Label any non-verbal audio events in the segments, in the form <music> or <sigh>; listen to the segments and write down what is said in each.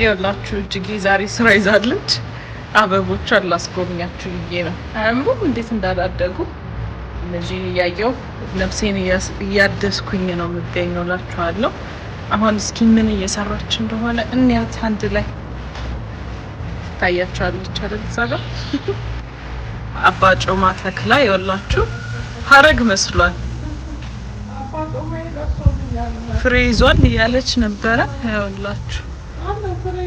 ይኸውላችሁ እጅጌ ዛሬ ስራ ይዛለች። አበቦች አላስጎብኛችሁ ብዬ ነው። አያምሩም? እንዴት እንዳላደጉ እነዚህን እያየው ነፍሴን እያደስኩኝ ነው የምገኘው ላችኋለሁ። አሁን እስኪ ምን እየሰራች እንደሆነ እንያት። አንድ ላይ ታያችኋለች አይደል? እዛ ጋር <laughs> አባ ተክላ ይኸውላችሁ ሀረግ መስሏል ፍሬ ይዟል እያለች ነበረ። ይኸውላችሁ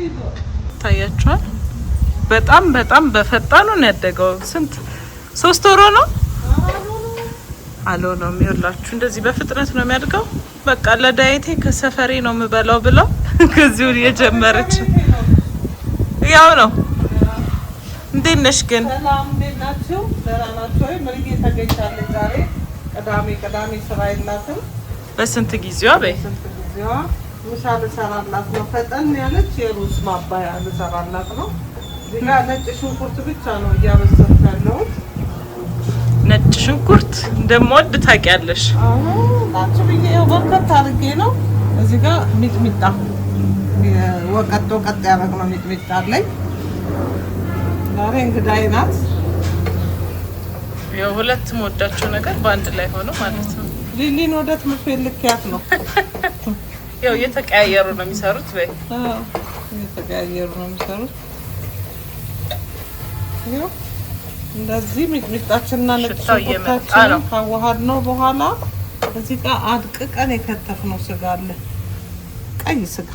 ይታያችኋል? በጣም በጣም በፈጣኑ ነው ያደገው። ስንት ሶስት ወሮ ነው አለው ነው የሚወላችሁ። እንደዚህ በፍጥነት ነው የሚያድገው። በቃ ለዳይቴ ከሰፈሬ ነው የምበላው ብለው <laughs> ከዚሁ የጀመረች ያው ነው። እንዴት ነሽ ግን? በስንት ጊዜዋ በይ ምሳ ልሰራላት ነው። ፈጠን ያለች የሩዝ ማባያ ልሰራላት ነው። እዚህ ነጭ ሽንኩርት ብቻ ነው እያበሰልኩ ያለሁት። ነጭ ሽንኩርት እንደምወድ ታውቂያለሽ። ላንቺ ብዬ በርከት አድርጌ ነው። እዚህ ጋር ሚጥሚጣ ወቀጥ ወቀጥ ያደረግነው ሚጥሚጣ አለኝ። ዛሬ እንግዳዬ ናት። ያው ሁለት ነገር በአንድ ላይ ሆኖ ማለት ነው። ሊሊን ወደ ትምህርት ቤት ነው <laughs> ያው እየተቀያየሩ ነው የሚሰሩት ወይ እየተቀያየሩ ነው የሚሰሩት። ያው እንደዚህ ሚጥሚጣችንና ነጭ ሽንኩርታችን ካዋሃድ ነው በኋላ እዚህ ጋር አድቅቀን የከተፍነው ስጋ አለ። ቀይ ስጋ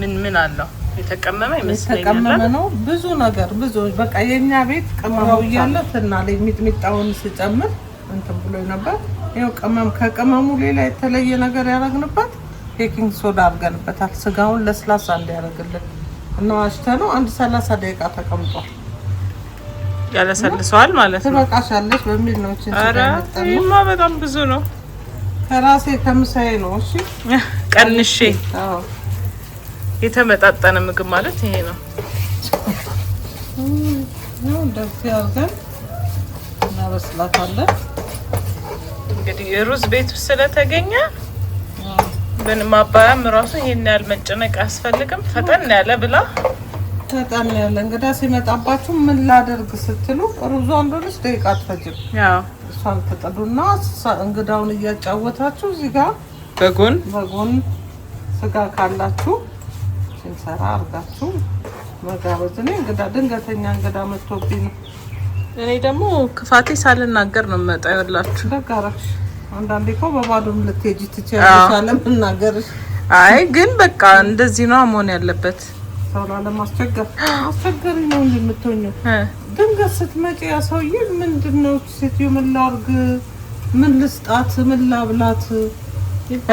ምን ምን አለው? የተቀመመ ይመስለኛል። የተቀመመ ነው ብዙ ነገር ብዙ በቃ የኛ ቤት ቀመመው እያለ ትናለኝ። ሚጥሚጣውን ስጨምር እንትን ብሎ ነበር ይኸው ቅመም ከቅመሙ ሌላ የተለየ ነገር ያደረግንበት ቤኪንግ ሶዳ አድርገንበታል። ስጋውን ለስላሳ እንዲያደርግልን እና አሽተ ነው አንድ ሰላሳ ደቂቃ ተቀምጧል። ያለሰልሰዋል ማለት ነው። ትበቃሻለች በሚል ነው። እቺማ በጣም ብዙ ነው። ከራሴ ከምሳዬ ነው። እሺ ቀንሼ። የተመጣጠነ ምግብ ማለት ይሄ ነው። ነው እንደዚህ አድርገን እናበስላታለን። እንግዲህ የሩዝ ቤት ውስጥ ስለተገኘ ምን ማባያም ራሱ ይሄን ያህል መጨነቅ አያስፈልግም። ፈጠን ያለ ብላ ፈጠን ያለ እንግዳ ሲመጣባችሁ ምን ላደርግ ስትሉ ሩዟ እንደሆነች ደቂቃ አትፈጅም። እሷን ትጥዱና እንግዳውን እያጫወታችሁ እዚህ ጋር በጎን በጎን ስጋ ካላችሁ ሲንሰራ አርጋችሁ መጋበዝ። እኔ እንግዳ ድንገተኛ እንግዳ መጥቶብኝ ነው እኔ ደግሞ ክፋቴ ሳልናገር ነው መጣ ይላችሁ። ደጋራሽ አንዳንዴ እኮ በባዶም ልትሄጂ ትችያለሽ አይ ግን በቃ እንደዚህ ነው መሆን ያለበት። ሰው ላለማስቸገር አስቸጋሪ ነው እንደምትሆኚው። ድንገት ስትመጪ ያ ሰውዬ ምንድን ነው ሴትዮ፣ ምን ላድርግ፣ ምን ልስጣት፣ ምን ላብላት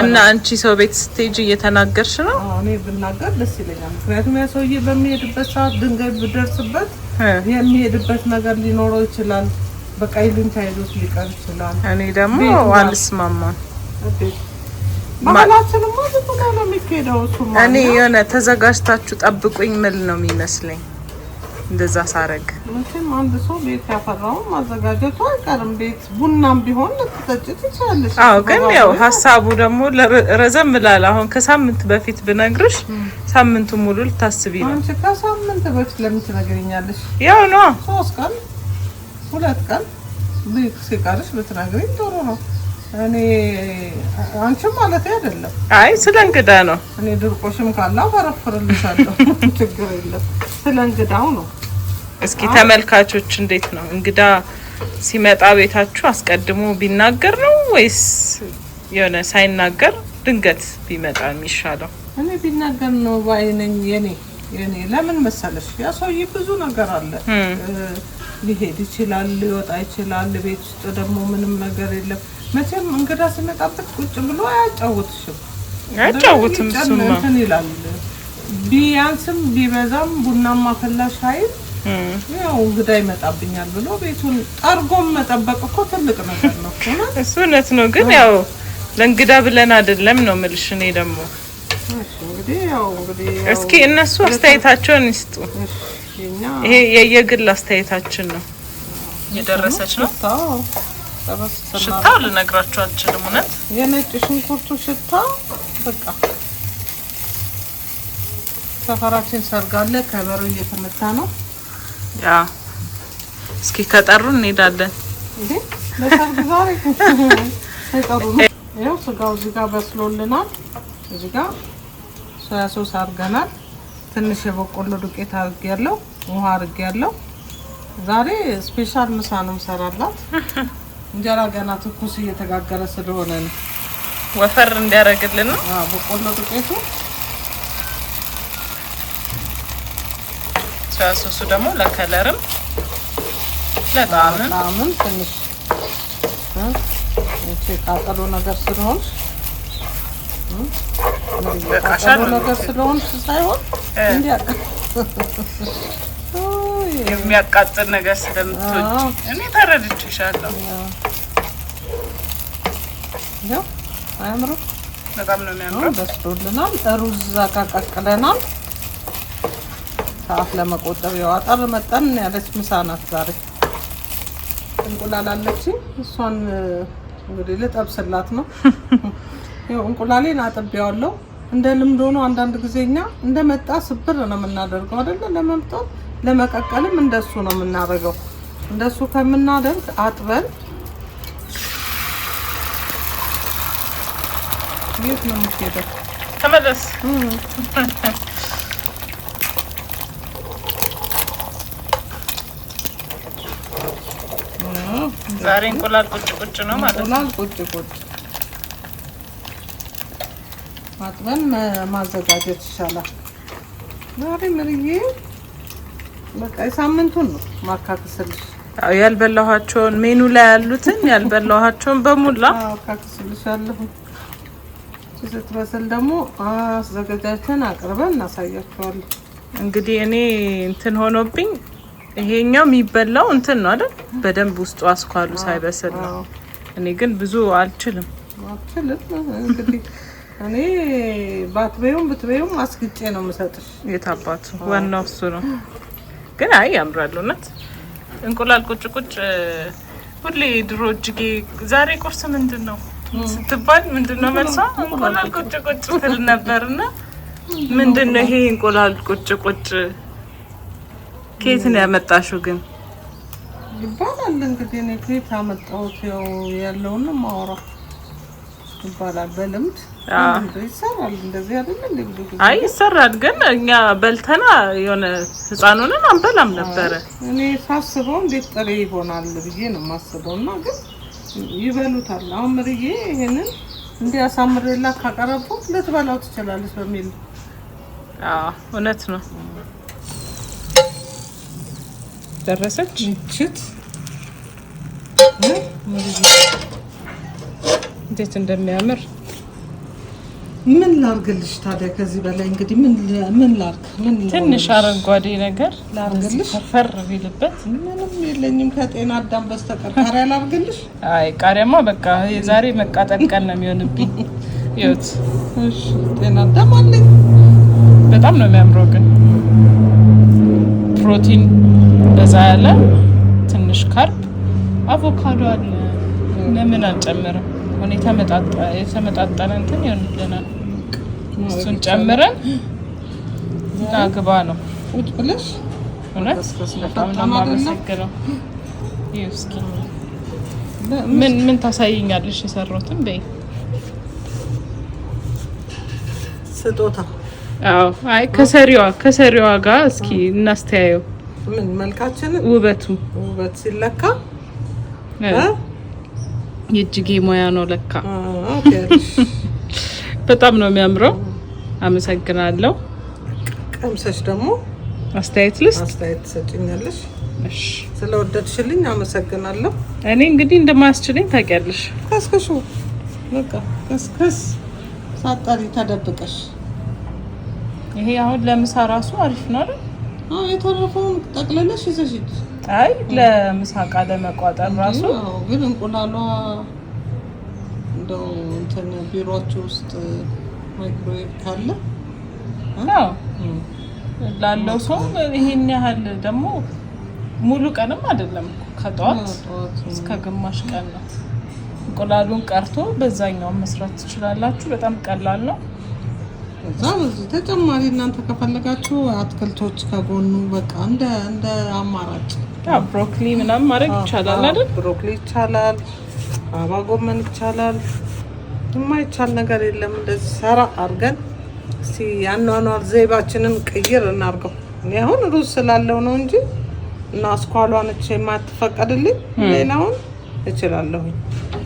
እና አንቺ ሰው ቤት ስትሄጂ እየተናገርሽ ነው። እኔ ብናገር ደስ ይለኛል። ምክንያቱም ያ ሰውዬ በሚሄድበት ሰዓት ድንጋይ ብደርስበት የሚሄድበት ነገር ሊኖረው ይችላል። በቃ ይሉኝታ ይዞት ሊቀር ይችላል። እኔ ደግሞ አልስማማም። እኔ የሆነ ተዘጋጅታችሁ ጠብቁኝ ምል ነው የሚመስለኝ እንደዛ ሳረግ መቼም አንድ ሰው ቤት ያፈራውን ማዘጋጀቱ አይቀርም። ቤት ቡናም ቢሆን ልትጠጭት ይችላለች። አዎ፣ ግን ያው ሀሳቡ ደግሞ ረዘም ላል አሁን ከሳምንት በፊት ብነግርሽ ሳምንቱ ሙሉ ልታስቢ ነው። አንቺ ከሳምንት በፊት ለምን ትነግሪኛለሽ? ያው ነው ሶስት ቀን ሁለት ቀን ቤት ሲቀርሽ ብትነግሪኝ ጥሩ ነው። እኔ አንቺም ማለት አይደለም። አይ ስለ እንግዳ ነው። እኔ ድርቆሽም ካላ አፈረፍርልሻለሁ፣ <laughs> ችግር የለም። ስለ እንግዳው ነው። እስኪ ተመልካቾች እንዴት ነው እንግዳ ሲመጣ ቤታችሁ አስቀድሞ ቢናገር ነው ወይስ የሆነ ሳይናገር ድንገት ቢመጣ የሚሻለው? እኔ ቢናገር ነው ባይነኝ። የኔ የኔ ለምን መሰለሽ ያ ሰውዬ ብዙ ነገር አለ ሊሄድ ይችላል፣ ሊወጣ ይችላል። ቤት ውስጥ ደግሞ ምንም ነገር የለም መቼም እንግዳ ሲመጣበት ቁጭ ብሎ አያጫውትሽም፣ አያጫውትም። እሱማ እንትን ይላል። ቢያንስም ቢበዛም ቡናማ ፈላሽ ሀይል ያው እንግዳ ይመጣብኛል ብሎ ቤቱን ጠርጎም መጠበቅ እኮ ትልቅ ነገር ነው። እሱ እውነት ነው፣ ግን ያው ለእንግዳ ብለን አይደለም ነው የምልሽ። እኔ ደግሞ እስኪ እነሱ አስተያየታቸውን ይስጡ። ይሄ የየግል አስተያየታችን ነው። የደረሰች ነው ሽታው ልነግራችሁ አልችልም። እውነት የነጭ ሽንኩርቱ ሽታ በቃ ሰፈራችን ሰርጋለ ከበሮ እየተመታ ነው። ያ እስኪ ከጠሩ እንሄዳለን። ዛሬ ይኸው ስጋው እዚህ ጋር በስሎልናል። እዚህ ጋር ሶያ ሶስ አድርገናል። ትንሽ የበቆሎ ዱቄት አድርጌያለሁ። ውሃ አድርጌያለሁ። ዛሬ ስፔሻል ምሳ ነው የምሰራላት እንጀራ ገና ትኩስ እየተጋገረ ስለሆነ ነው ወፈር እንዲያደርግልን ነው። በቆሎ ዱቄቱ ሳሱሱ ደግሞ ለከለርም ለጣዕምም ትንሽ ቃጠሎ ነገር ስለሆን ቃጠሎ ነገር ስለሆነ ሳይሆን እንዲያ የሚያቃጥል ነገር ስለምትወጪ እኔ ተረድቼሻለሁ። ያው አያምርም? በጣም ነው የሚያምረው። በስሎልናል። ሩዝ አቃቀቅለናል። ሰዓት ለመቆጠብ ያው አጠር መጠን ያለች ምሳ ናት ዛሬ። እንቁላል አለችኝ እሷን እንግዲህ ልጠብስላት ነው። <laughs> ያው እንቁላሌን አጥቤዋለሁ። እንደ ልምድ ሆኖ አንዳንድ ጊዜ እኛ እንደመጣ ስብር ነው የምናደርገው አይደለ? ለመምጣት ለመቀቀልም እንደሱ ነው የምናደርገው። እንደሱ ከምናደርግ አጥበን የት ነው የምትሄደው? ተመለስ። ዛሬ እንቁላል ቁጭ ቁጭ ነው ማለት ነው። እንቁላል ቁጭ ቁጭ አጥበን ማዘጋጀት ይሻላል ዛሬ ምርዬ በቃ የሳምንቱን ነው ማካከስልሽ። ያልበላኋቸውን ሜኑ ላይ ያሉትን ያልበላኋቸውን በሙላ አካክስልሻለሁ። ስትበስል ደግሞ አዘገጃጅተን አቅርበን እናሳያቸዋለን። እንግዲህ እኔ እንትን ሆኖብኝ ይሄኛው የሚበላው እንትን ነው አይደል? በደንብ ውስጡ አስኳሉ ሳይበስል ነው። እኔ ግን ብዙ አልችልም አልችልም። እንግዲህ እኔ ባትበዩም ብትበዩም አስግጬ ነው የምሰጥሽ። የታባቱ ዋናው እሱ ነው። ግን አይ ያምራሉ። እናት እንቁላል ቁጭ ቁጭ ሁሌ ድሮ እጅጌ ዛሬ ቁርስ ምንድን ነው ስትባል ምንድን ነው መልሷ እንቁላል ቁጭ ቁጭ ትል ነበር። እና ምንድን ነው ይሄ እንቁላል ቁጭ ቁጭ ከየት ነው ያመጣሽው? ግን ይባላል እንግዲህ እኔ ከየት አመጣሁት ያለውንም ማውራት ይባላል በልምድ ይሰራል። እንደዚህ አይ ይሰራል፣ ግን እኛ በልተና የሆነ ህፃኑንን አንበላም ነበረ። እኔ ሳስበው እንዴት ጥሬ ይሆናል ብዬ ነው የማስበው፣ እና ግን ይበሉታል። አሁን ምርዬ ይህንን እንዲያሳምርላ ካቀረቡ ልትበላው ትችላለች በሚል እውነት ነው። ደረሰች ምችት እንዴት እንደሚያምር ምን ላርግልሽ ታዲያ? ከዚህ በላይ እንግዲህ ምን ምን ላርግ? ምን ትንሽ አረንጓዴ ነገር ላርግልሽ? ፈር ቢልበት ምንም የለኝም ከጤና አዳም በስተቀር። ቃሪያ ላርግልሽ? አይ ቃሪያማ በቃ የዛሬ መቃጠል ቀን ነው የሚሆንብኝ። ይኸውት፣ እሺ ጤና አዳም አለኝ። በጣም ነው የሚያምረው ግን ፕሮቲን በዛ ያለ ትንሽ ካርብ፣ አቮካዶ አለ። ለምን አልጨምርም? የሆነ የተመጣጠነ እንትን ይሆንልናል። እሱን ጨምረን እና ግባ ነው ቁጭ ብለሽ ምን ምን ታሳይኛለሽ? የሰራሁትን በይ ስጦታ። አዎ፣ አይ ከሰሪዋ ከሰሪዋ ጋር እስኪ እናስተያየው። ምን መልካችን ውበቱ ውበት ሲለካ የእጅጌ ሙያ ነው ለካ። <laughs> በጣም ነው የሚያምረው። አመሰግናለሁ። ቀምሰሽ ደግሞ አስተያየት ልስ አስተያየት ትሰጭኛለሽ። እሺ፣ ስለወደድሽልኝ አመሰግናለሁ። እኔ እንግዲህ እንደማያስችልኝ ታውቂያለሽ። ከስከሹ በቃ ከስከስ ሳጣሪ ተደብቀሽ። ይሄ አሁን ለምሳ ራሱ አሪፍ ነው አይደል? የተረፈውን ጠቅለለሽ ይዘሽ አይ ለምሳቃ ለመቋጠር ራሱ ግን እንቁላሏ እንደው እንትን ቢሮአችሁ ውስጥ ማይክሮዌቭ ካለ አዎ ላለው ሰው ይሄን ያህል ደግሞ ሙሉ ቀንም አይደለም ከጠዋት እስከ ግማሽ ቀን ነው። እንቁላሉን ቀርቶ በዛኛው መስራት ትችላላችሁ። በጣም ቀላል ነው። እዛ በዚህ ተጨማሪ እናንተ ከፈለጋችሁ አትክልቶች ከጎኑ በቃ እንደ እንደ አማራጭ ብሮኮሊ ምናምን ማድረግ ይቻላል አይደል? ብሮኮሊ ይቻላል፣ አበባ ጎመን ይቻላል። የማይቻል ነገር የለም። እንደዚህ ሰራ አድርገን እስኪ ያኗኗር ዘይባችንን ቅይር እናድርገው። እኔ አሁን ሩዝ ስላለው ነው እንጂ እና አስኳሏ እች የማትፈቀድልኝ ሌላውን እችላለሁኝ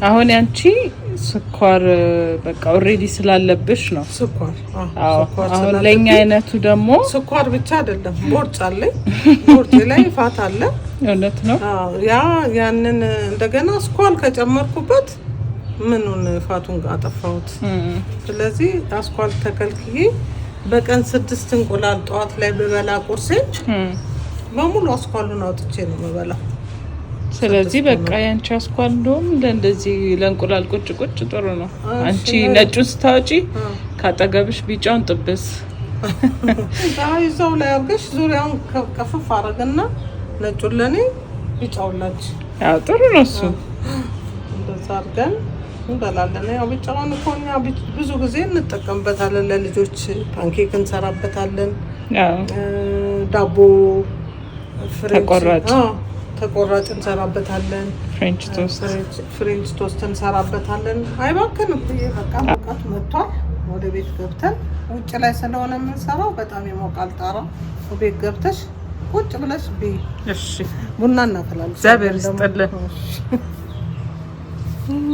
አሁን ያንቺ ስኳር በቃ ኦሬዲ ስላለብሽ ነው። ስኳር አሁን ለኛ አይነቱ ደግሞ ስኳር ብቻ አይደለም፣ <laughs> ቦርጭ አለ፣ <laughs> ቦርጭ ላይ ፋት አለ። እውነት ነው። ያ ያንን እንደገና ስኳር ከጨመርኩበት ምኑን ፋቱን አጠፋሁት። ስለዚህ አስኳል ተከልክዬ በቀን ስድስት እንቁላል ጠዋት ላይ ብበላ ቁርሴ በሙሉ አስኳሉን አውጥቼ ነው የምበላው። ስለዚህ በቃ ያንቺ አስኳል እንደውም ለእንደዚህ ለእንቁላል ቁጭ ቁጭ ጥሩ ነው። አንቺ ነጩን ስታወጪ ካጠገብሽ ቢጫውን ጥብስ ይዘው <laughs> ላይ አርገሽ ዙሪያውን ከፍፍ አረግና ነጩን ለእኔ ቢጫውን ላች። ጥሩ ነው እሱ እንደዛ እንበላለን። ያው ቢጫውን እኮ እኛ ብዙ ጊዜ እንጠቀምበታለን። ለልጆች ፓንኬክ እንሰራበታለን። ዳቦ ፍሬ ተቆራጭ ተቆራጭ እንሰራበታለን። ፍሬንች ቶስት ፍሬንች ቶስት እንሰራበታለን። አይባክንም። በቃ ሙቀቱ መጥቷል። ወደ ቤት ገብተን ውጭ ላይ ስለሆነ የምንሰራው በጣም የሞቃል ጣራ። ቤት ገብተሽ ቁጭ ብለሽ ቡና እናፈላለን። እግዚአብሔር ይስጥልን።